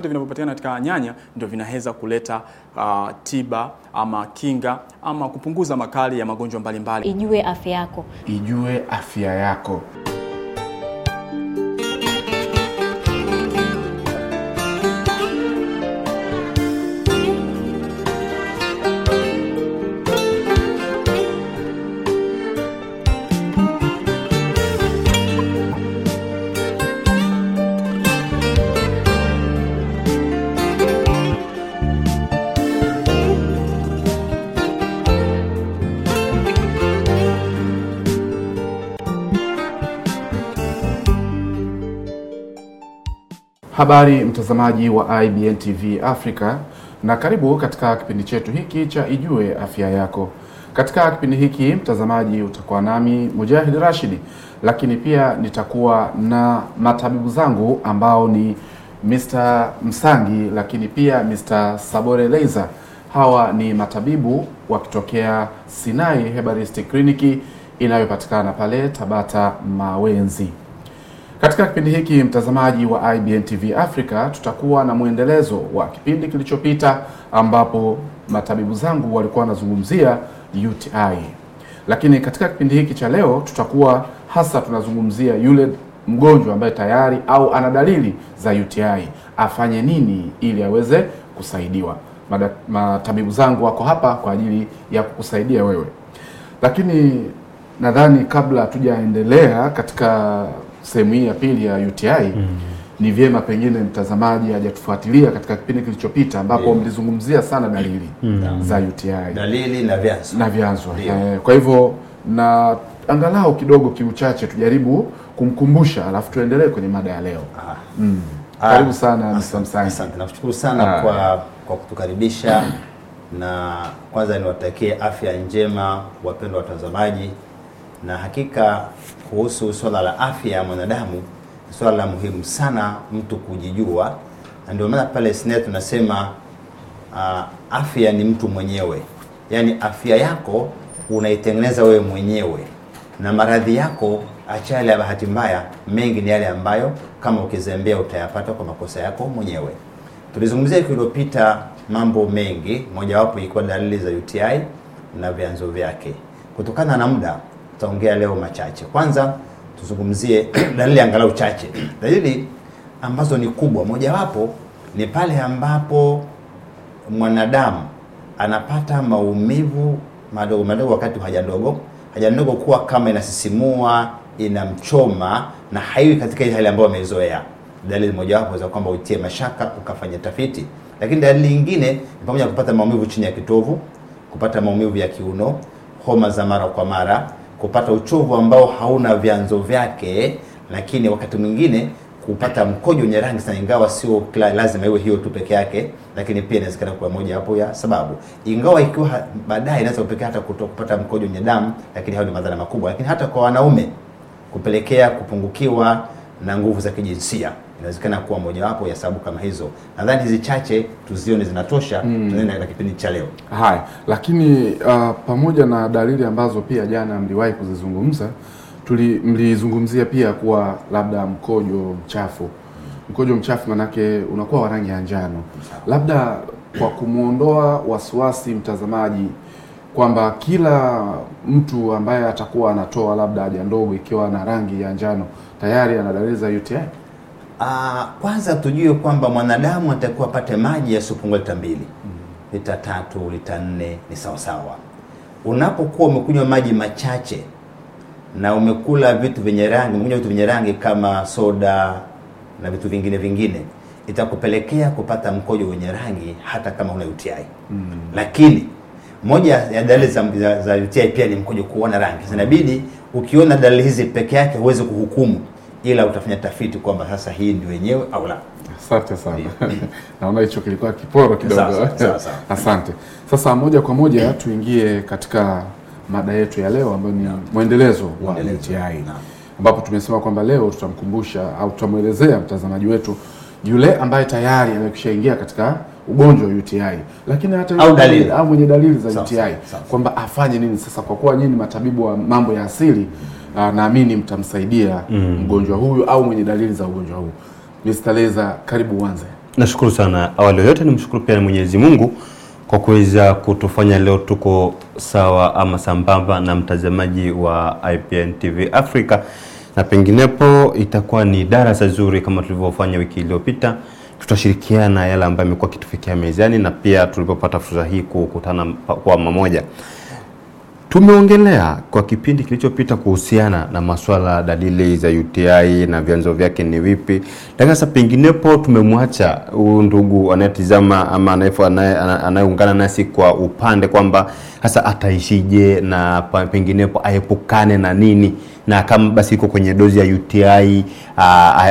vyote vinavyopatikana katika nyanya ndio vinaweza kuleta uh, tiba ama kinga ama kupunguza makali ya magonjwa mbalimbali. Ijue afya yako, ijue afya yako. Habari mtazamaji wa IBN TV Africa na karibu katika kipindi chetu hiki cha Ijue Afya Yako. Katika kipindi hiki mtazamaji, utakuwa nami Mujahid Rashidi, lakini pia nitakuwa na matabibu zangu ambao ni Mr. Msangi, lakini pia Mr. Sabore Leiza. Hawa ni matabibu wakitokea Sinai Herbalistic Clinic inayopatikana pale Tabata Mawenzi. Katika kipindi hiki mtazamaji wa IBN TV Africa, tutakuwa na mwendelezo wa kipindi kilichopita ambapo matabibu zangu walikuwa wanazungumzia UTI, lakini katika kipindi hiki cha leo tutakuwa hasa tunazungumzia yule mgonjwa ambaye tayari au ana dalili za UTI, afanye nini ili aweze kusaidiwa. Mada, matabibu zangu wako hapa kwa ajili ya kukusaidia wewe, lakini nadhani kabla tujaendelea katika sehemu hii ya pili ya UTI mm. Ni vyema pengine mtazamaji hajatufuatilia katika kipindi kilichopita ambapo yeah. mlizungumzia sana dalili mm. za mm. UTI dalili na vyanzo na vyanzo yeah. Kwa hivyo na angalau kidogo kiuchache tujaribu kumkumbusha, alafu tuendelee kwenye mada ya leo ah. mm. Ah. Karibu sana Mr. Msangi. Asante, nakushukuru sana ah. kwa, kwa kutukaribisha na kwanza niwatakie afya njema wapendwa watazamaji, na hakika kuhusu swala la afya ya mwanadamu swala la muhimu sana mtu kujijua, na ndio maana pale SNEA tunasema uh, afya ni mtu mwenyewe, yaani afya yako unaitengeneza wewe mwenyewe, na maradhi yako acha yale ya bahati mbaya, mengi ni yale ambayo kama ukizembea utayapata kwa makosa yako mwenyewe. Tulizungumzia wiki iliyopita mambo mengi, mojawapo ilikuwa dalili za UTI na vyanzo vyake. Kutokana na muda Tutaongea leo machache. Kwanza tuzungumzie dalili angalau chache, dalili ambazo ni kubwa. Mojawapo ni pale ambapo mwanadamu anapata maumivu madogo madogo wakati wa haja ndogo, haja ndogo kuwa kama inasisimua, inamchoma na haiwi katika ile hali ambayo amezoea. Dalili mojawapo za kwamba utie mashaka ukafanya tafiti. Lakini dalili nyingine ni pamoja na kupata maumivu chini ya kitovu, kupata maumivu ya kiuno, homa za mara kwa mara kupata uchovu ambao hauna vyanzo vyake, lakini wakati mwingine kupata mkojo wenye rangi sana, ingawa sio lazima iwe hiyo tu peke yake, lakini pia inawezekana kuwa moja hapo ya sababu, ingawa ikiwa baadaye inaweza kupelekea hata kupata mkojo wenye damu, lakini hayo ni madhara makubwa. Lakini hata kwa wanaume kupelekea kupungukiwa na nguvu za kijinsia inawezekana kuwa mojawapo ya sababu kama hizo. Nadhani hizi chache tuzione zinatosha, mm. tunaenda katika kipindi cha leo. Haya, lakini uh, pamoja na dalili ambazo pia jana mliwahi kuzizungumza, tuli mlizungumzia pia kuwa labda mkojo mchafu mkojo mchafu manake unakuwa wa rangi ya njano, labda kwa kumwondoa wasiwasi mtazamaji kwamba kila mtu ambaye atakuwa anatoa labda haja ndogo ikiwa na rangi ya njano tayari ana dalili za UTI. Uh, kwanza tujue kwamba mwanadamu atakuwa apate maji yasiyopungua lita mbili mm lita tatu lita nne ni sawasawa. Unapokuwa umekunywa maji machache na umekula vitu vyenye rangi, umekunywa vitu vyenye rangi kama soda na vitu vingine vingine, itakupelekea kupata mkojo wenye rangi hata kama una UTI mm lakini moja ya dalili za, za, za UTI pia ni mkojo kuona rangi. Inabidi ukiona dalili hizi peke yake huwezi kuhukumu ila utafanya tafiti kwamba sasa hii ndio wenyewe au la. Asante sana. Naona hicho kilikuwa kiporo kidogo. Asante. Sasa moja kwa moja tuingie katika mada yetu ya leo ambayo ni mwendelezo wa LTI, ambapo tumesema kwamba leo tutamkumbusha au tutamwelezea mtazamaji wetu yule ambaye tayari amekwishaingia katika ugonjwa wa UTI lakini hata au dalili au mwenye dalili za UTI kwamba afanye nini sasa, kwa kuwa nyinyi matabibu wa mambo ya asili uh, naamini mtamsaidia mm. mgonjwa huyu au mwenye dalili za ugonjwa huu. Mr. Leza, karibu uanze. Nashukuru sana. Awali yote nimshukuru pia Mwenyezi Mungu kwa kuweza kutufanya leo tuko sawa ama sambamba na mtazamaji wa IPN TV Africa, na penginepo itakuwa ni darasa zuri kama tulivyofanya wiki iliyopita. Tutashirikiana yale ambayo amekuwa kitufikia mezani na pia tulipopata fursa hii kukutana kwa mamoja Tumeongelea kwa kipindi kilichopita kuhusiana na masuala dalili za UTI na vyanzo vyake ni vipi, lakini sasa penginepo tumemwacha huyu ndugu anayetizama ama anayeungana nasi kwa upande kwamba sasa ataishije na penginepo aepukane na nini, na kama basi iko kwenye dozi ya UTI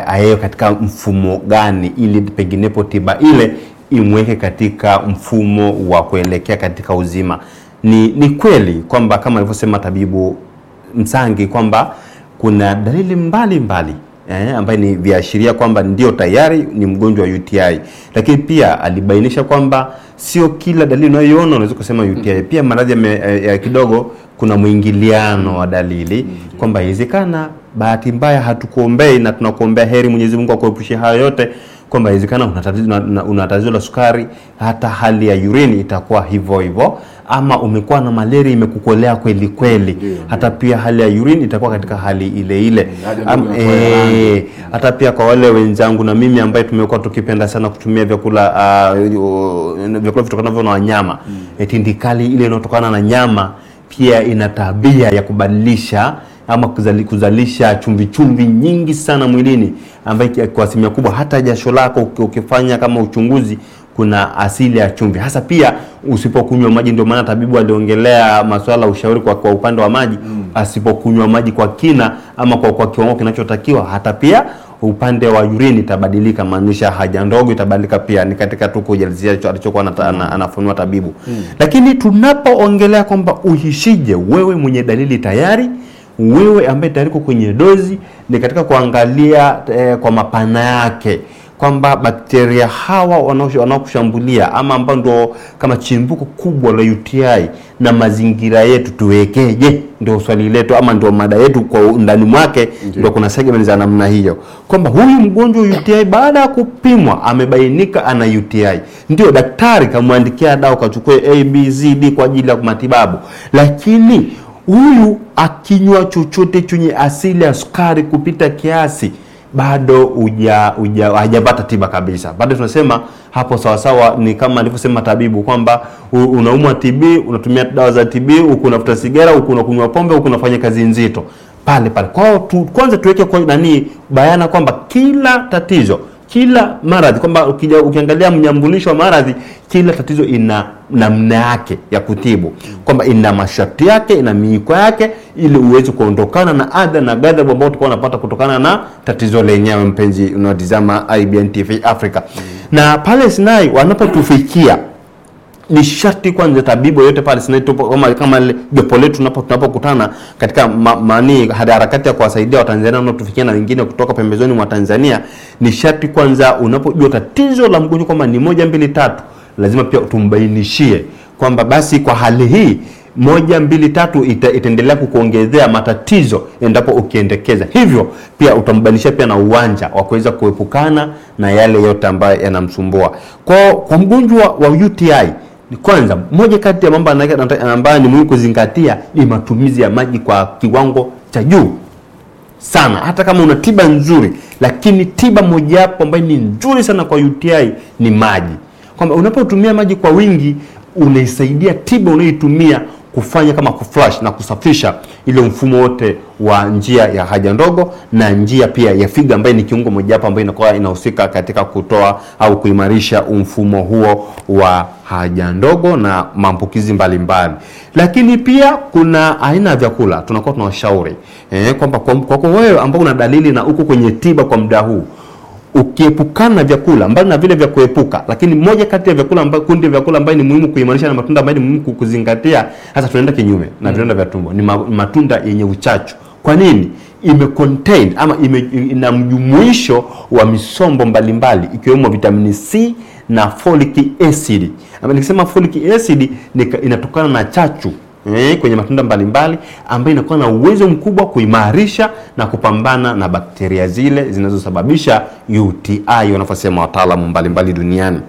ayewe katika mfumo gani, ili penginepo tiba ile imweke katika mfumo wa kuelekea katika uzima. Ni, ni kweli kwamba kama alivyosema tabibu Msangi kwamba kuna dalili mbalimbali mbali. Eh, ambaye ni viashiria kwamba ndio tayari ni mgonjwa wa UTI, lakini pia alibainisha kwamba sio kila dalili unayoiona unaweza kusema UTI. Mm-hmm. Pia maradhi eh, ya kidogo kuna mwingiliano wa dalili mm-hmm. kwamba iwezekana bahati mbaya hatukuombei na tunakuombea heri Mwenyezi Mungu akuepushe hayo yote kwamba inawezekana una tatizo una tatizo la sukari, hata hali ya urine itakuwa hivyo hivyo, ama umekuwa na malaria imekukolea kweli kweli, hata pia hali ya urine itakuwa katika hali ile ile. Am, ee, hata pia kwa wale wenzangu na mimi ambaye tumekuwa tukipenda sana kutumia vyakula uh, vyakula vitokanavyo na wanyama mm. Tindikali ile inayotokana na nyama pia ina tabia ya kubadilisha ama kuzali, kuzalisha chumvichumvi chumvi nyingi sana mwilini, ambayo kwa asilimia kubwa hata jasho lako ukifanya kama uchunguzi kuna asili ya chumvi hasa pia usipokunywa maji. Ndio maana tabibu aliongelea masuala ushauri kwa, kwa upande wa maji mm. Asipokunywa maji kwa kina ama kwa, kwa kiwango kinachotakiwa hata pia upande wa urine itabadilika, maanisha haja ndogo itabadilika pia. Ni katika tu kujalizia alichokuwa mm. anafunua tabibu mm. Lakini tunapoongelea kwamba uhishije wewe mwenye dalili tayari wewe ambaye tayari uko kwenye dozi ni katika kuangalia eh, kwa mapana yake kwamba bakteria hawa wanaokushambulia ama ambao ndo kama chimbuko kubwa la UTI na mazingira yetu tuwekeje, ndio swali letu ama ndio mada yetu kwa undani mwake. Ndio kuna segment za namna hiyo kwamba huyu mgonjwa UTI baada ya kupimwa amebainika ana UTI, ndio daktari kamwandikia dawa kachukue ABCD kwa ajili ya matibabu, lakini Huyu akinywa chochote chenye asili ya sukari kupita kiasi bado hajapata tiba kabisa. Bado tunasema hapo sawasawa, ni kama alivyosema tabibu kwamba unaumwa TB, unatumia dawa za TB, huku unavuta sigara, huku unakunywa pombe, huku unafanya kazi nzito pale pale. Kwa hiyo tu, kwanza tuweke kwa nani bayana kwamba kila tatizo kila maradhi kwamba ukiangalia mnyambulisho wa maradhi, kila tatizo ina namna yake ya kutibu, kwamba ina masharti yake, ina miiko yake, ili uweze kuondokana na adha na ghadhabu ambao tulikuwa unapata kutokana na tatizo lenyewe. Mpenzi unaotizama IBN TV Africa, na pale Sinai wanapotufikia ni sharti kwanza tabibu yote pale sinatupo kama kama jopo letu tunapo tunapokutana katika ma, harakati ya kuwasaidia Watanzania wanaotufikia na wengine kutoka pembezoni mwa Tanzania, ni sharti kwanza, unapojua tatizo la mgonjwa kwamba ni moja mbili tatu, lazima pia tumbainishie kwamba basi kwa hali hii moja mbili tatu ita, itaendelea kukuongezea matatizo endapo ukiendekeza hivyo. Pia utambanisha pia na uwanja wa kuweza kuepukana na yale yote ambayo yanamsumbua kwa, kwa mgonjwa wa UTI ni kwanza, moja kati ya mambo ambayo ni muhimu kuzingatia ni matumizi ya maji kwa kiwango cha juu sana. Hata kama una tiba nzuri, lakini tiba mojawapo ambayo ni nzuri sana kwa UTI ni maji, kwamba unapotumia maji kwa wingi unaisaidia tiba unayoitumia kufanya kama kuflash na kusafisha ile mfumo wote wa njia ya haja ndogo na njia pia ya figo ambayo ni kiungo mojawapo ambayo inakuwa inahusika katika kutoa au kuimarisha mfumo huo wa haja ndogo na maambukizi mbalimbali. Lakini pia kuna aina ya vyakula tunakuwa tunawashauri eh, kwamba kwako kwa wewe ambao una dalili na uko kwenye tiba kwa muda huu ukiepukana na vyakula mbali na vile vya kuepuka, lakini moja kati ya vyakula ambayo kundi ya vyakula ambayo ni muhimu kuimarisha na matunda ambayo ni muhimu kuzingatia, hasa tunaenda kinyume mm. na vidonda vya tumbo, ni matunda yenye uchachu. Kwa nini? ime contain ama ime, ina mjumuisho wa misombo mbalimbali ikiwemo vitamini C na folic acid. Ama nikisema folic acid ni, inatokana na chachu eh, kwenye matunda mbalimbali ambayo inakuwa na uwezo mkubwa kuimarisha na kupambana na bakteria zile zinazosababisha UTI wanavyosema wataalamu mbalimbali duniani.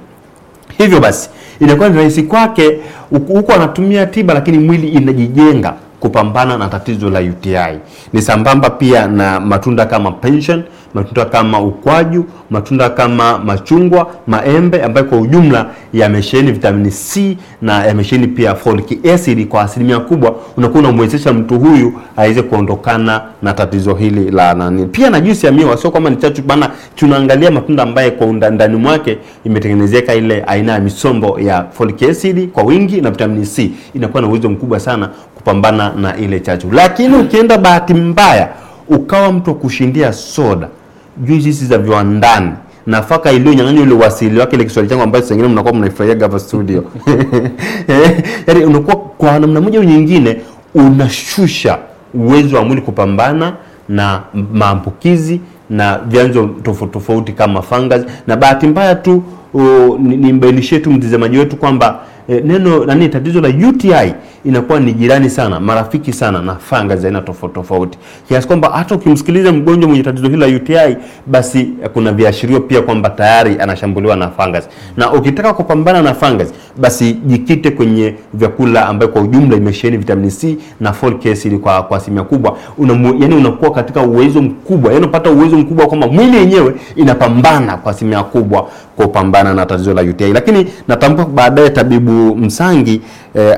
Hivyo basi inakuwa ni rahisi kwake, huko anatumia tiba, lakini mwili inajijenga kupambana na tatizo la UTI. Ni sambamba pia na matunda kama pension matunda kama ukwaju, matunda kama machungwa, maembe ambayo kwa ujumla yamesheheni vitamini C na yamesheheni pia folic acid kwa asilimia kubwa, unakuwa unamwezesha mtu huyu aweze kuondokana na tatizo hili la nani. Pia na juisi ya miwa, sio kama ni chachu bana, tunaangalia matunda ambayo kwa ndani mwake imetengenezeka ile aina ya misombo ya folic acid kwa wingi na vitamini C, inakuwa na uwezo mkubwa sana kupambana na ile chachu. Lakini ukienda bahati mbaya ukawa mtu kushindia soda juice hizi za viwandani nafaka iliyonyang'anywa ile wasili wake ile Kiswahili changu ambacho sengine mnakuwa mnaifurahia Gava Studio. Eh, yaani unakuwa kwa namna moja au nyingine unashusha uwezo wa mwili kupambana na maambukizi na vyanzo tofauti tofauti kama fungus, na bahati mbaya tu uh, nimbainishie tu mtazamaji wetu kwamba eh, neno nani, tatizo la UTI inakuwa ni jirani sana, marafiki sana na fanga za aina tofauti tofauti, kiasi kwamba hata ukimsikiliza mgonjwa mwenye tatizo hili la UTI, basi eh, kuna viashirio pia kwamba tayari anashambuliwa na fungus. Na ukitaka kupambana na fungus, basi jikite kwenye vyakula ambayo kwa ujumla imesheheni vitamini C na folic acid kwa kwa asilimia kubwa, una yani unakuwa katika uwezo mkubwa, yani unapata uwezo mkubwa kwamba mwili yenyewe inapambana kwa asilimia kubwa kupambana na tatizo la UTI, lakini natambua baadaye tabibu Msangi eh,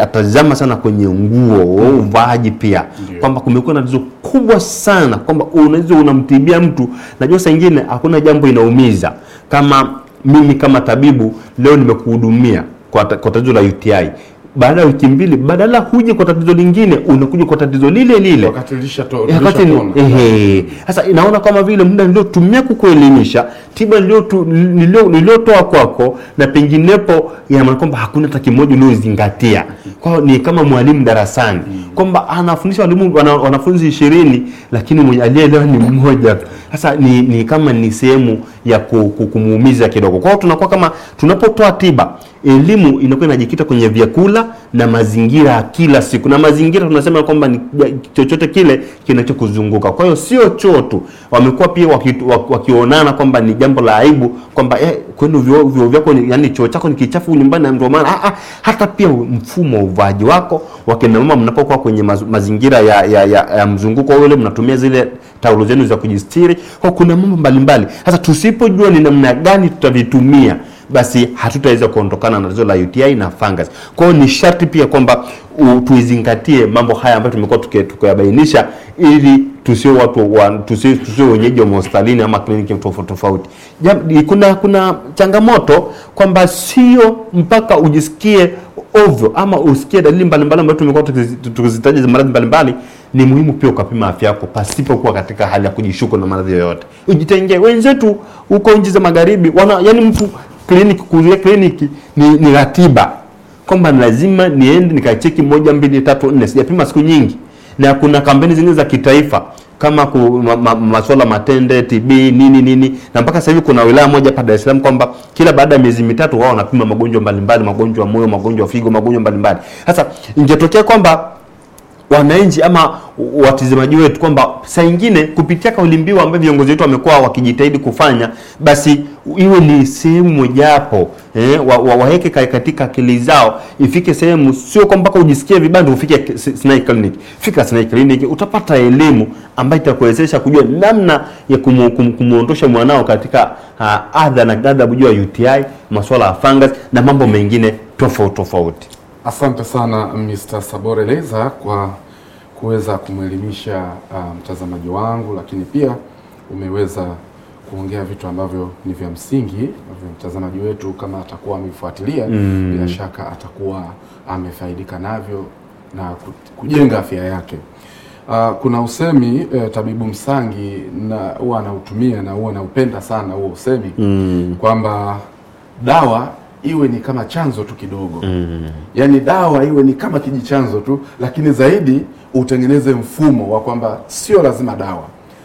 atazama sana kwenye nguo Uvaaji pia kwamba kumekuwa na tatizo kubwa sana kwamba unaweza unamtibia mtu, najua saa ingine hakuna jambo inaumiza kama mimi kama tabibu leo nimekuhudumia kwa tatizo la UTI baada ya wiki mbili, badala huje kwa tatizo lingine, unakuja kwa tatizo lile lile wakati eh, ehe. Sasa inaona kama vile muda niliotumia kukuelimisha, tiba niliotoa kwako na penginepo, maana kwamba hakuna hata kimoja uliozingatia. Kwa ni kama mwalimu darasani mm. kwamba anafundisha walimu wanafunzi ishirini, lakini mwenye aliyeelewa ni mmoja. Sasa ni, ni kama ni sehemu ya kumuumiza kidogo hiyo Tunakuwa kama tunapotoa tiba elimu inakuwa inajikita kwenye vyakula na mazingira ya kila siku, na mazingira tunasema kwamba ni chochote kile kinachokuzunguka. Kwa hiyo sio choo tu, wamekuwa pia wakionana kwamba ni jambo la aibu kwamba eh, kwenu vyoo vyako, yani choo chako ni kichafu nyumbani, ndio maana ah, ah, hata pia mfumo wa uvaaji wako wakina mama, mnapokuwa kwenye mazingira ya, ya, ya, ya mzunguko ule, mnatumia zile taulo zenu za kujistiri. Kwa kuna mambo mbalimbali. Sasa tusipojua ni namna gani tutavitumia basi hatutaweza kuondokana na tatizo la UTI na fungus. Kwa hiyo ni sharti pia kwamba tuizingatie mambo haya ambayo tumekuwa tukiyabainisha ili tusio watu wa, tusio, tusio wenyeji wa hospitalini ama kliniki tofauti tofauti. Kuna kuna changamoto kwamba sio mpaka ujisikie ovyo ama usikie dalili mbalimbali ambazo tumekuwa tukizitaja za maradhi mbalimbali, ni muhimu pia ukapima afya yako pasipo kuwa katika hali ya kujishuku na maradhi yoyote. Ujitengee. Wenzetu huko nchi za magharibi wana, yani mtu kliniki, kuzuia kliniki ni, ni ratiba kwamba lazima niende nikacheki moja mbili tatu nne. Sijapima siku nyingi, na kuna kampeni zingine za kitaifa kama ku, ma, ma, maswala matende TB nini nini, na mpaka sasa hivi kuna wilaya moja hapa Dar es kwamba kila baada ya miezi mitatu wao wanapima magonjwa mbalimbali, magonjwa ya moyo, magonjwa ya figo, magonjwa mbalimbali. Sasa ingetokea kwamba wananchi ama watazamaji wetu kwamba saa nyingine kupitia kauli mbiu ambayo viongozi wetu wamekuwa wakijitahidi kufanya, basi iwe ni sehemu mojapo eh, wa, wa, waweke katika akili zao, ifike sehemu, sio kwamba ujisikie vibanda ufike Sinai Clinic. Fika Sinai Clinic, utapata elimu ambayo itakuwezesha kujua namna ya kumwondosha mwanao katika ah, adha na ghadhabu juu ya UTI, masuala ya fungus na mambo mengine tofauti tofauti. Asante sana Mr. Saboreleza kwa kuweza kumwelimisha ah, mtazamaji um, wangu, lakini pia umeweza kuongea vitu ambavyo ni vya msingi vya mtazamaji wetu. Kama atakuwa amefuatilia mm, bila shaka atakuwa amefaidika navyo na kujenga afya yake. Uh, kuna usemi eh, tabibu Msangi na huwa anautumia na huwa anaupenda sana huo usemi mm, kwamba dawa iwe ni kama chanzo tu kidogo mm. Yaani dawa iwe ni kama kijichanzo tu, lakini zaidi utengeneze mfumo wa kwamba sio lazima dawa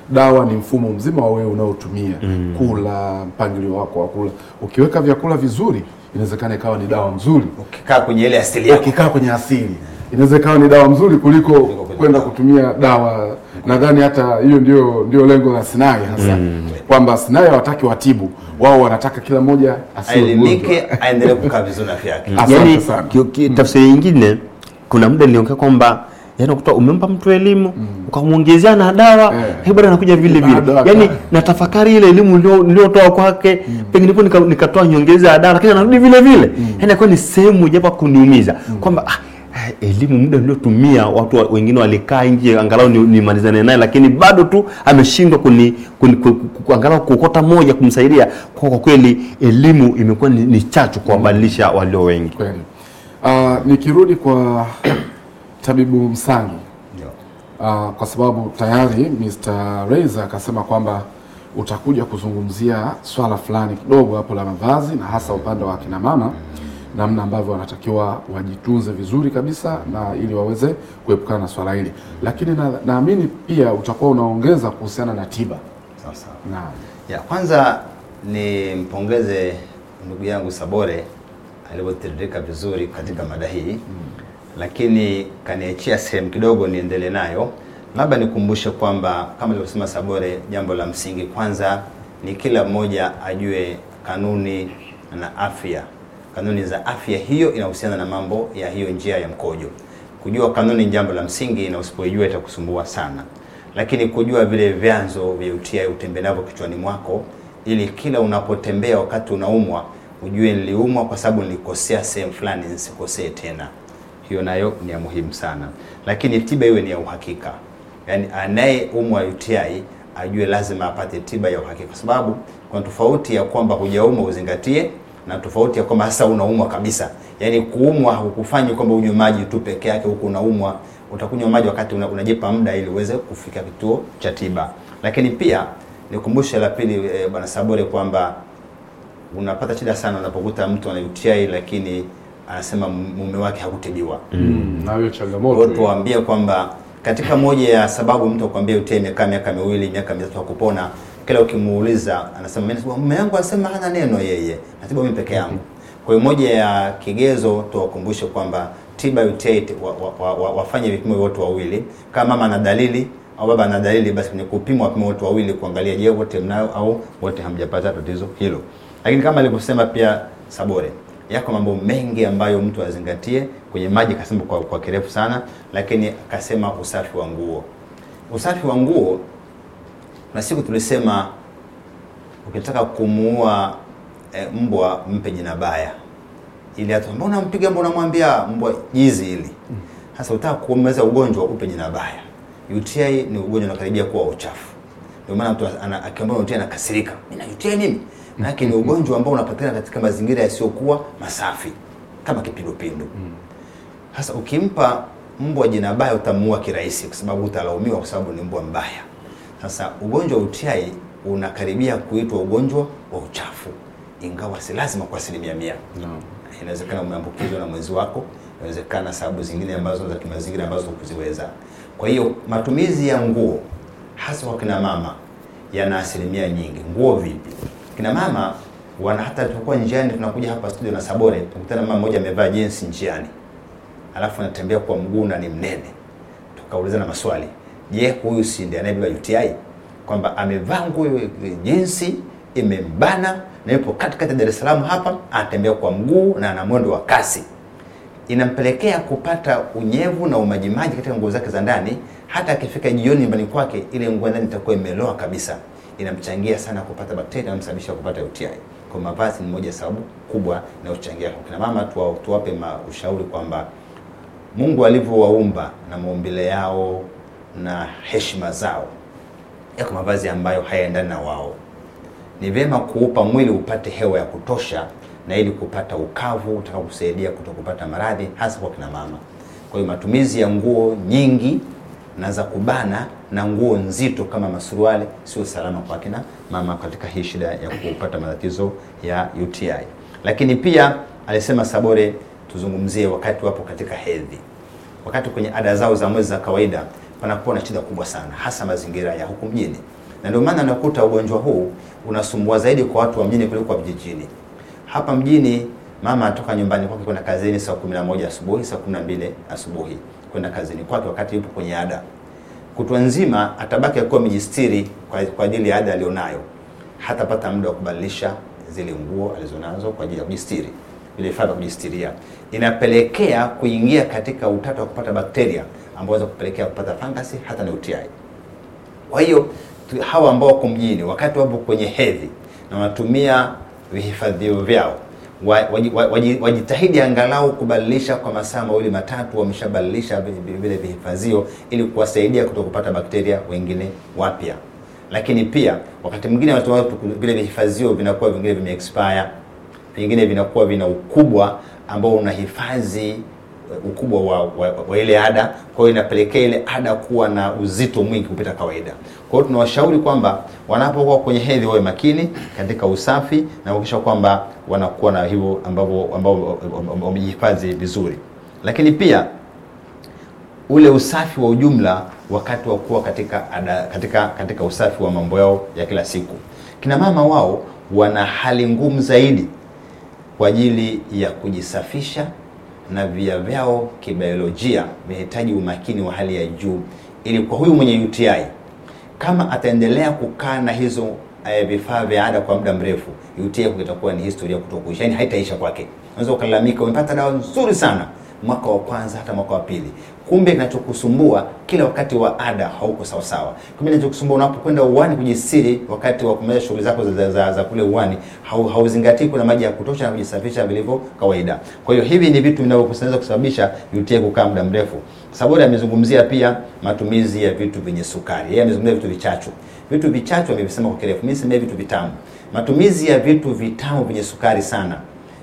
dawa ni mfumo mzima wa wewe unaotumia mm. kula, mpangilio wako wa kula. Ukiweka vyakula vizuri, inawezekana ikawa ni dawa nzuri. Ukikaa kwenye ile asili yako, ukikaa kwenye asili, inaweza ikawa ni dawa nzuri kuliko kwenda kutumia dawa. Mm. Nadhani hata hiyo ndio ndio lengo la Sinai hasa mm kwamba sinaye hawataki watibu wao, wanataka kila mmoja aelimike, aendelee kukaa vizuri afya yake. Yaani mm. tafsiri nyingine, kuna muda niliongea kwamba yani ukuta umempa mtu elimu mm. ukamwongezea na dawa yeah. bado anakuja vile vile, yani tafakari ile elimu niliyotoa kwake mm. pengine po nikatoa nika nyongeza ya dawa, lakini anarudi vile vile mm. yani akuwa ni sehemu japo kuniumiza mm. kwamba ah, Eh, elimu muda niliotumia watu wengine walikaa nje angalau nimalizane ni, naye lakini bado tu ameshindwa kuni, kuni, kuni, angalau kuokota moja kumsaidia kwa, kwa kweli elimu imekuwa ni, ni chachu kuwabadilisha walio wengi kweli. Uh, nikirudi kwa tabibu Msangi uh, kwa sababu tayari Mr. Reza akasema kwamba utakuja kuzungumzia swala fulani kidogo hapo la mavazi na hasa upande wa kina mama mm namna ambavyo wanatakiwa wajitunze vizuri kabisa na ili waweze kuepukana na swala hili, lakini naamini na pia utakuwa unaongeza kuhusiana na tiba. Sasa na ya kwanza nimpongeze ndugu yangu Sabore alivyotiririka vizuri katika mm. mada hii mm. lakini kaniachia sehemu kidogo niendelee nayo, labda nikumbushe kwamba kama alivyosema Sabore, jambo la msingi kwanza ni kila mmoja ajue kanuni na afya kanuni za afya hiyo inahusiana na mambo ya hiyo njia ya mkojo. Kujua kanuni ni jambo la msingi, na usipoijua itakusumbua sana, lakini kujua vile vyanzo vya UTI utembee navyo kichwani mwako, ili kila unapotembea wakati unaumwa ujue niliumwa kwa sababu nilikosea sehemu fulani, nisikosee tena. Hiyo nayo ni ya muhimu sana, lakini tiba iwe ni ya uhakika, Yani anayeumwa UTI ajue lazima apate tiba ya uhakika, kwa sababu kuna tofauti ya kwamba hujaumwa uzingatie na tofauti ya kwamba sasa unaumwa kabisa. Yaani kuumwa hukufanyi kwamba unywe maji tu peke yake huku unaumwa, utakunywa maji wakati unajipa muda ili uweze kufika kituo cha tiba. Lakini pia nikumbushe la pili, e, Bwana Sabore kwamba unapata shida sana unapokuta mtu ana UTI lakini anasema mume wake hakutibiwa. Mm, nayo changamoto. Tuwaambie kwamba katika moja ya sababu mtu akwambia UTI imekaa miaka miwili, miaka mitatu hakupona kila ukimuuliza anasema mume wangu anasema hana neno yeye, natibu mimi peke yangu. Kwa hiyo moja ya kigezo tuwakumbushe kwamba tiba UTI wa, wa, wa, wafanye vipimo wote wawili, kama mama ana dalili au baba ana dalili, basi kwenye kupimwa wapimo wote wawili kuangalia, je, wote mnayo au wote hamjapata tatizo hilo. Lakini kama alivyosema pia Sabore, yako mambo mengi ambayo mtu azingatie kwenye maji, kasema kwa, kwa kirefu sana, lakini akasema usafi wa nguo. Usafi wa nguo kuna siku tulisema ukitaka kumuua e, mbwa mpe jina baya, ili hata mbona unampiga mbwa, unamwambia mbwa jizi hili. hasa mm. utaka kuomeza ugonjwa upe jina baya. UTI ni ugonjwa unakaribia kuwa uchafu, ndio maana mtu akiambiwa UTI anakasirika, mimi na UTI nini Manake mm. ni ugonjwa ambao unapatikana katika mazingira yasiyokuwa masafi kama kipindupindu. hasa mm. ukimpa mbwa jina baya utamuua kirahisi, kwa sababu utalaumiwa kwa sababu ni mbwa mbaya. Sasa ugonjwa wa UTI unakaribia kuitwa ugonjwa wa uchafu, ingawa si lazima kwa asilimia mia. No. Inawezekana umeambukizwa na mwenzi wako, inawezekana sababu zingine ambazo za kimazingira ambazo hukuziweza. Kwa hiyo matumizi ya nguo hasa kwa kina mama yana asilimia nyingi. Nguo vipi? Kina mama wana hata tukua njiani, tunakuja hapa studio na Sabore, tukutana mama mmoja amevaa jeans njiani, alafu anatembea kwa mguu na ni mnene, tukaulizana maswali je, huyu si ndiye anayebeba UTI? Kwamba amevaa nguo jinsi imembana na yupo katikati ya Dar es Salaam hapa, anatembea kwa mguu na ana mwendo wa kasi, inampelekea kupata unyevu na umajimaji katika nguo zake za ndani. Hata akifika jioni nyumbani kwake, ile nguo ndani itakuwa imeloa kabisa, inamchangia sana kupata bakteria na msababisha kupata UTI. Kwa mavazi ni moja sababu kubwa na uchangia Kwa kina mama tuwape ushauri kwamba Mungu alivyowaumba na maumbile yao na heshima zao, yako mavazi ambayo hayaendani na wao. Ni vyema kuupa mwili upate hewa ya kutosha, na ili kupata ukavu utakusaidia kutokupata maradhi, hasa kwa kina mama. Kwa hiyo matumizi ya nguo nyingi na za kubana na nguo nzito kama masuruali sio salama kwa kina mama katika hii shida ya kupata matatizo ya UTI. Lakini pia alisema Sabore tuzungumzie wakati wapo katika hedhi, wakati kwenye ada zao za mwezi za kawaida panakuwa na shida kubwa sana, hasa mazingira ya huku mjini, na ndio maana nakuta ugonjwa huu unasumbua zaidi kwa watu wa mjini kuliko kwa vijijini. Hapa mjini mama anatoka nyumbani kwake kwenda kazini saa 11 asubuhi, saa 12 asubuhi kwenda kazini kwake, wakati yupo kwenye ada kutwa nzima, atabaki akiwa amejistiri kwa ajili ya ada alionayo. Hatapata muda wa kubadilisha zile nguo alizonazo kwa ajili ya kujistiri, vile vifaa vya kujistiria, inapelekea kuingia katika utata wa kupata bakteria ambao waweza kupelekea kupata fangasi hata na UTI. Kwa hiyo hawa ambao wako mjini, wakati wapo kwenye hedhi na wanatumia vihifadhio vyao wajitahidi angalau kubadilisha kwa masaa mawili matatu, wameshabadilisha vile vihifadhio ili kuwasaidia kuto kupata bakteria wengine wapya. Lakini pia wakati mwingine vile vihifadhio vinakuwa vingine vime vingine vinakuwa vina ukubwa ambao unahifadhi Eh, ukubwa wa, wa, wa ile ada. Kwa hiyo inapelekea ile ada kuwa na uzito mwingi kupita kawaida. Kwa hiyo tunawashauri kwamba wanapokuwa kwenye hedhi wawe makini katika usafi na kuhakikisha kwamba wanakuwa na hivyo ambavyo ambao wamejihifadhi vizuri, lakini pia ule usafi wa ujumla wakati wa kuwa katika, ada, katika, katika usafi wa mambo yao ya kila siku. Kina mama wao wana hali ngumu zaidi kwa ajili ya kujisafisha na via vyao kibiolojia vinahitaji umakini wa hali ya juu, ili kwa huyu mwenye UTI kama ataendelea kukaa na hizo eh, vifaa vya ada kwa muda mrefu, UTI itakuwa ni historia kutokuisha, yani haitaisha kwake. Unaweza ukalalamika, umepata dawa nzuri sana mwaka wa kwanza hata mwaka wa pili. Kumbe kinachokusumbua kila wakati wa ada hauko sawa sawa. Kumbe kinachokusumbua unapokwenda uwani kujisiri, wakati wa kumaliza shughuli zako za, za, za za kule uani hauzingatii kuna maji ya kutosha na kujisafisha vilivyo kawaida. Kwa hiyo hivi ni vitu vinavyokusaidia kusababisha UTI kukaa muda mrefu. Saboda amezungumzia pia matumizi ya vitu vyenye sukari, yeye amezungumzia vitu vichachu. Vitu vichachu amevisema kwa kirefu, mimi sema vitu vitamu. Matumizi ya vitu vitamu vyenye sukari sana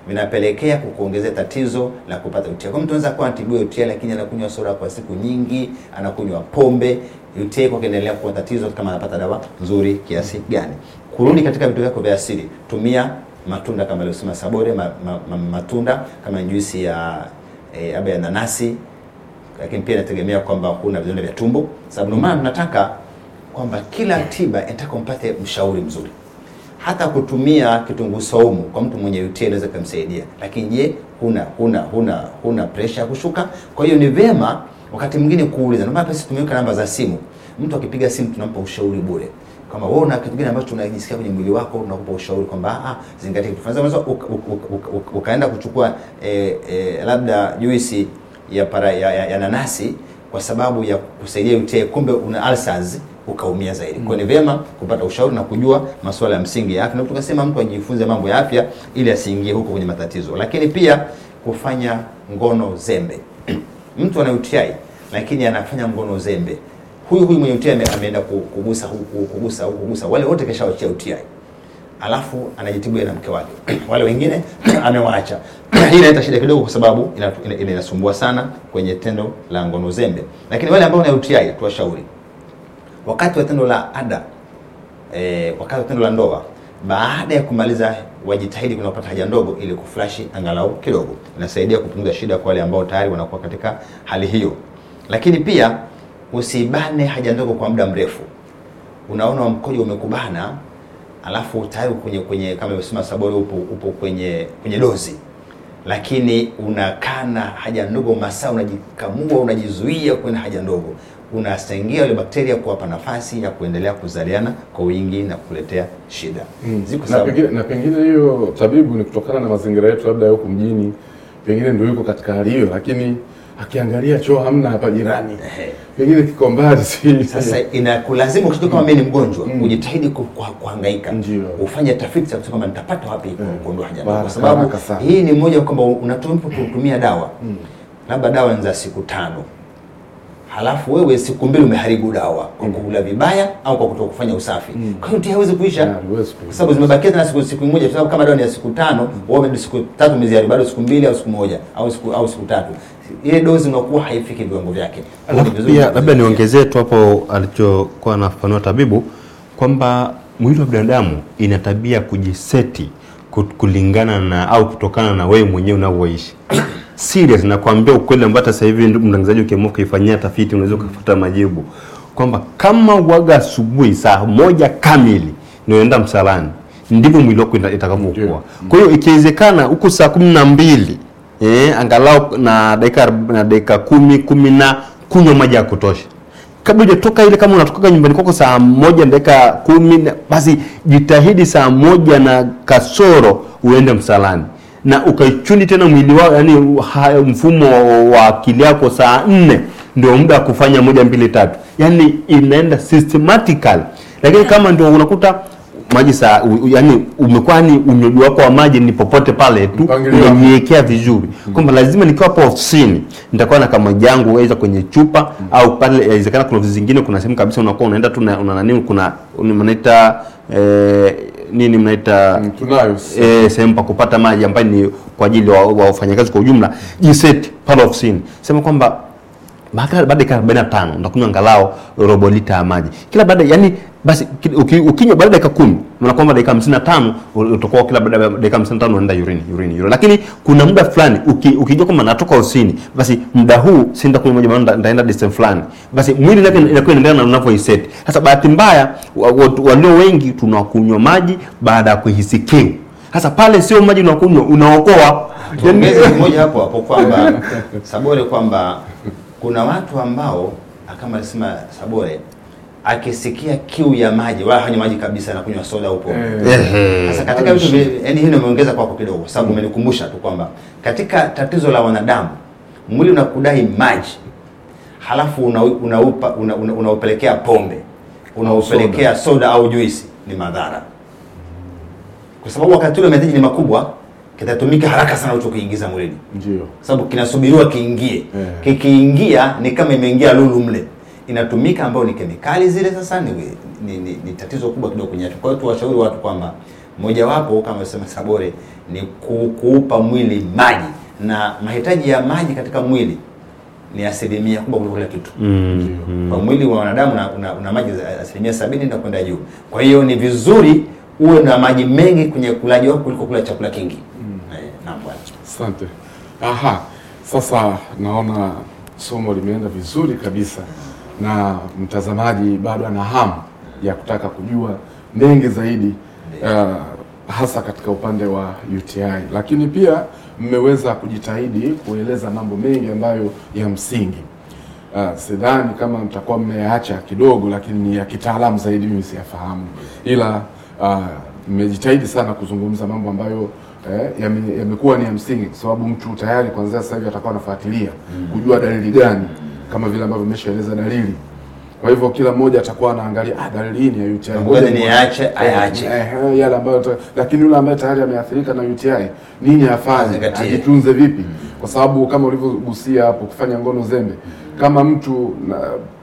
vinapelekea kukuongezea tatizo la kupata UTI. Kwa mtu anaweza kuwa anatibiwa UTI lakini anakunywa soda kwa siku nyingi, anakunywa pombe, UTI kwa kuendelea kuwa tatizo kama anapata dawa nzuri kiasi gani. Kurudi katika vitu vyako vya asili, tumia matunda kama alivyosema Sabore ma, ma, ma, matunda kama juisi ya e, eh, aba ya nanasi, lakini pia inategemea kwamba kuna vidonda vya tumbo, sababu ndio maana tunataka kwamba kila tiba inataka mpate mshauri mzuri hata kutumia kitunguu saumu kwa mtu mwenye UTI anaweza kumsaidia, lakini je, huna huna huna huna pressure kushuka? Kwa hiyo ni vema wakati mwingine kuuliza, ndio maana tumeweka namba za simu. Mtu akipiga simu tunampa ushauri bure kama wewe una kitu gani ambacho unajisikia kwenye mwili wako, tunakupa ushauri kwamba ah, ah zingatia kitu fulani. Unaweza ukaenda kuchukua eh, eh, labda juisi ya, para, ya, ya, ya nanasi kwa sababu ya kusaidia UTI, kumbe una ulcers ukaumia zaidi. Kwa ni vema kupata ushauri na kujua masuala ya msingi ya afya, na tukasema mtu ajifunze mambo ya afya ili asiingie huko kwenye matatizo. Lakini pia kufanya ngono zembe mtu ana UTI lakini anafanya ngono zembe, huyu huyu mwenye UTI ameenda kugusa huku kugusa huku kugusa, wale wote keshawachia UTI alafu anajitibu na mke wake wale wengine amewaacha. Hii inaleta shida kidogo, kwa sababu inasumbua ina, ina, ina sana kwenye tendo la ngono zembe. Lakini wale ambao na UTI tuwashauri wakati wa tendo la ada e, wakati wa tendo la ndoa baada ya kumaliza wajitahidi kuna kupata haja ndogo ili kuflashi angalau kidogo. Inasaidia kupunguza shida kwa wale ambao tayari wanakuwa katika hali hiyo. Lakini pia usibane haja ndogo kwa muda mrefu. Unaona mkojo umekubana, alafu tayari kwenye kwenye kama ilivyosema sabori upo upo kwenye kwenye dozi. Lakini unakana haja ndogo masaa unajikamua unajizuia kwenda haja ndogo unawastaingia ile bakteria kuwapa nafasi ya kuendelea kuzaliana kwa wingi na kuletea shida mm. Ziko na pengine, na pengine hiyo tabibu ni kutokana na mazingira yetu labda huko mjini, pengine ndio yuko katika hali hiyo, lakini akiangalia choo hamna hapa jirani pengine kiko mbali. Sasa inakulazimu kitu kama mimi ni mgonjwa mm. ujitahidi kuhangaika, ufanye tafiti za kusema nitapata wapi mm. kuondoa haja kwa sababu hii ni moja kwamba unatumia dawa mm. labda dawa za siku tano halafu wewe siku mbili umeharibu dawa kwa mm. kula vibaya au kwa kutokufanya usafi mm. kwa hiyo mtihani hauwezi kuisha yeah, kwa sababu zimebaki na siku siku moja, kwa sababu kama dawa ni ya siku tano mm. wewe mm. siku tatu umeziharibu, bado siku mbili au siku moja au siku au siku tatu, ile dozi inakuwa haifiki viwango vyake. Pia labda niongezee tu hapo alichokuwa anafanua tabibu kwamba mwili wa binadamu ina tabia kujiseti kulingana na au kutokana na wewe mwenyewe unavyoishi serious na kuambia ukweli ambao sasa hivi mtangazaji ukiamua kuifanyia tafiti unaweza kufuata majibu kwamba kama uaga asubuhi saa moja kamili nienda msalani ndivyo mwili wako itakavyokuwa. Kwa hiyo ikiwezekana huko saa kumi na mbili eh, angalau na dakika na dakika kumi kumi na kunywa maji ya kutosha kabla hujatoka ile. Kama unatoka nyumbani kwako saa moja dakika kumi basi jitahidi saa moja na kasoro uende msalani na ukaichuni tena mwili wao, yani mfumo wa akili yako, saa nne ndio muda wa kufanya moja mbili tatu, yani inaenda systematical. Lakini kama ndio unakuta maji saa yani umekuwa ni unywaji wako wa maji ni popote pale tu umejiwekea vizuri mm. kwamba lazima nikiwa hapo ofisini nitakuwa na kama jangu aidha kwenye chupa mm. au pale inawezekana kuna zingine, kuna sehemu kabisa unakuwa unaenda tu una nani, kuna unaita eh, nini mnaita mm, eh, sehemu pa kupata maji ambayo ni kwa ajili wa, wa wafanyakazi kwa ujumla jiseti of scene sema kwamba baada ya dakika 45 ndakunywa angalau robo lita ya maji kila baada, yani basi ukinywa baada ya dakika kumi na kwamba dakika 55 utakuwa kila baada ya dakika 55 unaenda urine urine urine, lakini kuna muda fulani ukijua kwamba natoka usini, basi muda huu senda kunywa maji maana ndaenda distance fulani, basi mwili wako inakuwa inaendelea na unavyoiset. Sasa bahati mbaya walio wengi tunakunywa maji baada ya kuhisi kiu. Sasa pale sio maji unakunywa, unaokoa tuongeze mmoja hapo hapo kwamba Sabore, kwamba kuna watu ambao kama alisema Sabore akisikia kiu ya maji wala hanywa maji kabisa anakunywa kunywa soda huko. Eh. Sasa katika vitu yani, hii nimeongeza kwako kidogo, sababu umenikumbusha tu kwamba katika tatizo la wanadamu mwili unakudai maji, halafu unaupa una, una, una, una pombe unaupelekea soda. soda au juisi, ni madhara kwa sababu wakati ule mahitaji ni makubwa kitatumika haraka sana kuingiza mwilini, ndio sababu kinasubiriwa kiingie. Eh. Kikiingia ni kama imeingia lulu mle inatumika ambayo ni kemikali zile, sasa ni, ni, ni, ni tatizo kubwa kidogo kwenye afya. Kwa hiyo tuwashauri watu kwamba mojawapo kama sema Sabore ni kuupa mwili maji, na mahitaji ya maji katika mwili ni asilimia kubwa kuliko kila kitu mm, -hmm. Kwa mwili wa wanadamu una, una, una maji asilimia sabini na kwenda juu. Kwa hiyo ni vizuri uwe na maji mengi kwenye kulaji wako kuliko kula chakula kingi mm. Eh, asante. Aha, sasa naona somo limeenda vizuri kabisa na mtazamaji bado ana hamu ya kutaka kujua mengi zaidi uh, hasa katika upande wa UTI, lakini pia mmeweza kujitahidi kueleza mambo mengi ambayo ya msingi Uh, sidhani kama mtakuwa mmeacha kidogo, lakini ni ya kitaalamu zaidi, mimi siyafahamu, ila uh, mmejitahidi uh, sana kuzungumza mambo ambayo eh, yamekuwa ni ya msingi, kwa sababu mtu tayari kuanzia sasa hivi atakuwa anafuatilia mm. kujua dalili gani mm kama vile ambavyo umeshaeleza dalili. Kwa hivyo kila mmoja atakuwa anaangalia ah, dalili hii ni ya UTI, ngoja niache ayaache eh, yale ambayo, lakini yule ambaye tayari ameathirika na UTI nini afanye, ajitunze vipi? Kwa sababu kama ulivyogusia hapo, kufanya ngono zembe, kama mtu na,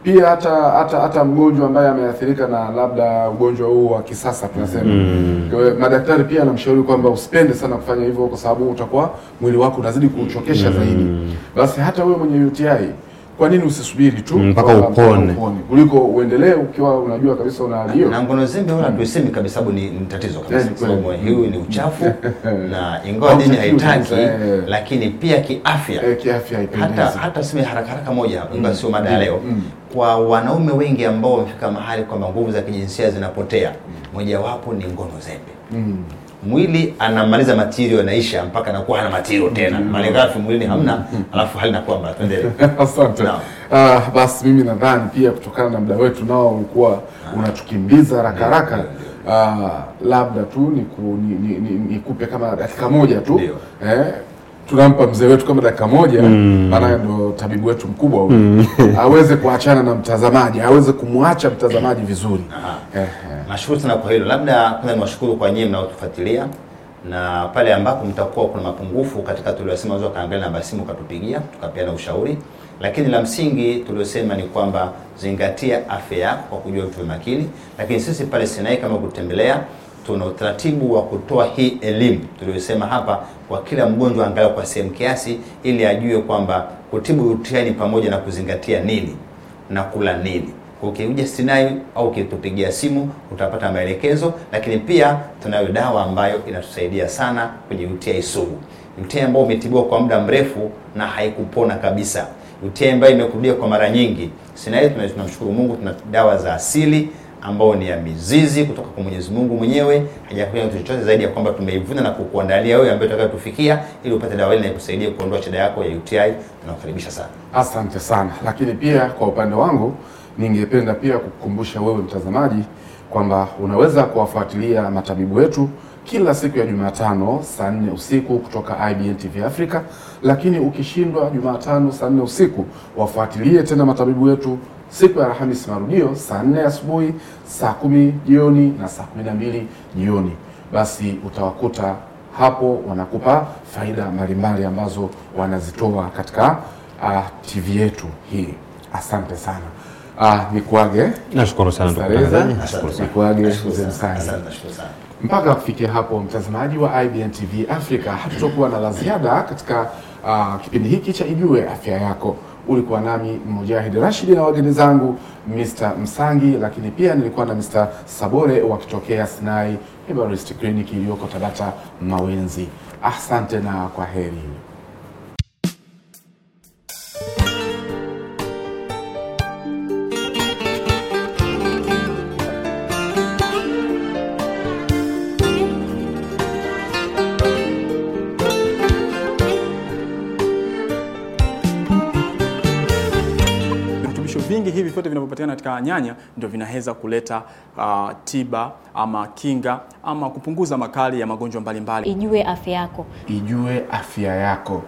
pia hata hata hata mgonjwa ambaye ameathirika na labda ugonjwa huu wa kisasa tunasema, mm. Madaktari pia anamshauri kwamba usipende sana kufanya hivyo, kwa sababu utakuwa mwili wako unazidi kuchokesha mm. zaidi. Basi hata wewe mwenye UTI kwa nini usisubiri tu mpaka upone kuliko uendelee ukiwa unajua kabisa una hiyo? Na ngono zembe wala hmm. tuisemi kabisa, sababu ni tatizo kabisa, sababu hiyo ni uchafu na ingawa dini haitaki, eh. lakini pia kiafya, eh, hata hata sema haraka haraka moja, ingawa hmm. sio mada leo, hmm. kwa wanaume wengi ambao wamefika mahali kwamba nguvu za kijinsia zinapotea, mojawapo ni ngono zembe mwili anamaliza material anaisha mpaka anakuwa hana material tena, -hmm. ghafi mwilini hamna, mm-hmm. alafu hali nakuwa mbaya. Tuendelee. Asante. Uh, basi mimi nadhani pia kutokana na muda wetu nao ulikuwa ah. unatukimbiza haraka haraka uh, labda tu nikupe ni, ni, ni, ni kama dakika moja tu eh, tunampa mzee wetu kama dakika moja mm. maana ndo tabibu wetu mkubwa huyu mm. aweze kuachana na mtazamaji aweze kumwacha mtazamaji vizuri eh nashukuru sana kwa hilo. Labda kwanza niwashukuru kwa nyinyi mnaotufuatilia na pale ambapo mtakuwa kuna mapungufu katika tuliyosema, unaweza kaangalia namba simu katupigia, tukapeana ushauri, lakini la msingi tuliosema ni kwamba zingatia afya yako kwa kujua vitu makini. Lakini sisi pale Sinai kama kutembelea, tuna utaratibu wa kutoa hii elimu tuliyosema hapa kwa kila mgonjwa, angalau kwa sehemu kiasi, ili ajue kwamba kutibu UTI ni pamoja na kuzingatia nini na kula nini. Ukiuja Sinai au ukitupigia simu utapata maelekezo, lakini pia tunayo dawa ambayo inatusaidia sana kwenye UTI sugu, UTI ambayo umetibiwa kwa muda mrefu na haikupona kabisa, UTI ambayo imekurudia kwa mara nyingi. Sinai, tunamshukuru Mungu, tuna dawa za asili ambayo ni ya mizizi kutoka kwa Mwenyezi Mungu mwenyewe, hajakuja kitu chochote zaidi ya kwamba tumeivuna na kukuandalia wewe ambaye utakaye kufikia ili upate dawa ile inayokusaidia kuondoa shida yako ya UTI. Tunakukaribisha sana, asante sana. Lakini pia kwa upande wangu ningependa pia kukukumbusha wewe mtazamaji kwamba unaweza kuwafuatilia matabibu wetu kila siku ya Jumatano saa nne usiku kutoka IBN TV Africa, lakini ukishindwa Jumatano saa nne usiku, wafuatilie tena matabibu wetu siku ya Alhamisi marudio saa nne asubuhi, saa kumi jioni na saa kumi na mbili jioni. Basi utawakuta hapo wanakupa faida mbalimbali ambazo wanazitoa katika uh, ah, TV yetu hii. Asante sana. Ah, nikwage. Nashukuru sana ndugu mtangazaji. Nashukuru sana. Nikuage Mzee Msangi. Mpaka kufikia hapo, mtazamaji wa IBN TV Africa, hatutokuwa na la ziada katika uh, kipindi hiki cha Ijue Afya Yako. Ulikuwa nami Mujahid Rashid na wageni zangu Mr. Msangi, lakini pia nilikuwa na Mr. Sabore wakitokea Sinai Hebarist Clinic iliyoko Tabata Mawenzi. Asante na kwa heri. vingi hivi vyote vinavyopatikana katika nyanya ndio vinaweza kuleta uh, tiba ama kinga ama kupunguza makali ya magonjwa mbalimbali. Ijue afya yako, ijue afya yako.